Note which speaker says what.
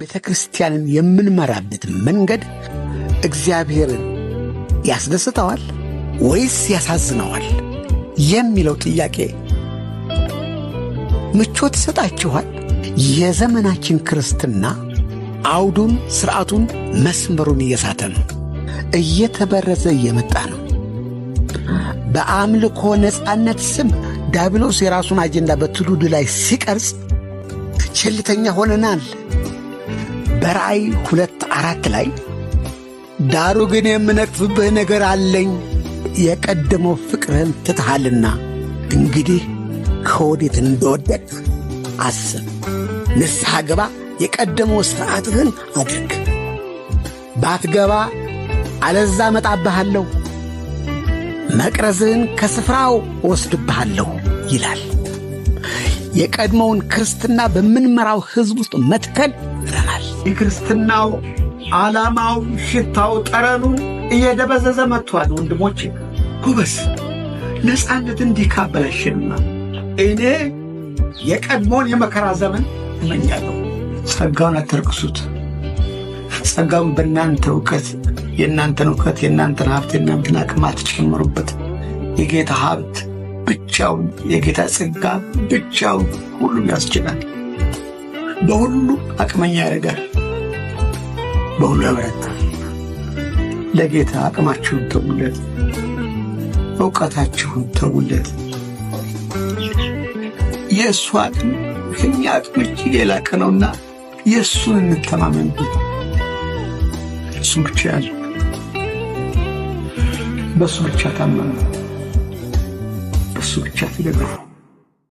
Speaker 1: ቤተ ክርስቲያንን የምንመራበት መንገድ እግዚአብሔርን ያስደስተዋል ወይስ ያሳዝነዋል የሚለው ጥያቄ ምቾት ይሰጣችኋል? የዘመናችን ክርስትና አውዱን፣ ሥርዓቱን፣ መስመሩን እየሳተ ነው። እየተበረዘ እየመጣ ነው። በአምልኮ ነፃነት ስም ዳብሎስ የራሱን አጀንዳ በትውልዱ ላይ ሲቀርጽ ቸልተኛ ሆነናል። በራእይ ሁለት አራት ላይ ዳሩ ግን የምነቅፍብህ ነገር አለኝ የቀደመው ፍቅርህን ትትሃልና እንግዲህ ከወዴት እንደወደቅ አስብ፣ ንስሐ ገባ፣ የቀደመው ሥርዓትህን አድርግ። ባትገባ አለዛ መጣብሃለሁ፣ መቅረዝህን ከስፍራው ወስድብሃለሁ ይላል። የቀድሞውን ክርስትና በምንመራው ህዝብ ውስጥ መትከል ይረናል። የክርስትናው ዓላማው፣ ሽታው፣ ጠረኑ እየደበዘዘ መጥቷል። ወንድሞቼ ጎበስ ነፃነት እንዲህ እኔ የቀድሞውን የመከራ ዘመን እመኛለሁ።
Speaker 2: ጸጋውን አትርክሱት። ጸጋውን በእናንተ እውቀት የእናንተን እውቀት የእናንተን ሀብት የእናንተን አቅም አትጨምሩበት። የጌታ ሀብት ብቻውን የጌታ ጸጋ ብቻውን ሁሉም ያስችላል። በሁሉ አቅመኛ ያደርጋል። በሁሉ ያበረታል። ለጌታ አቅማችሁን ተውለት፣ እውቀታችሁን ተውለት። የእሱ አቅም ከኛ አቅም እጅግ የላቀ ነውና የእሱን እንተማመንበት። እሱ ብቻ ያለ በእሱ ብቻ ታመኑ። check it again.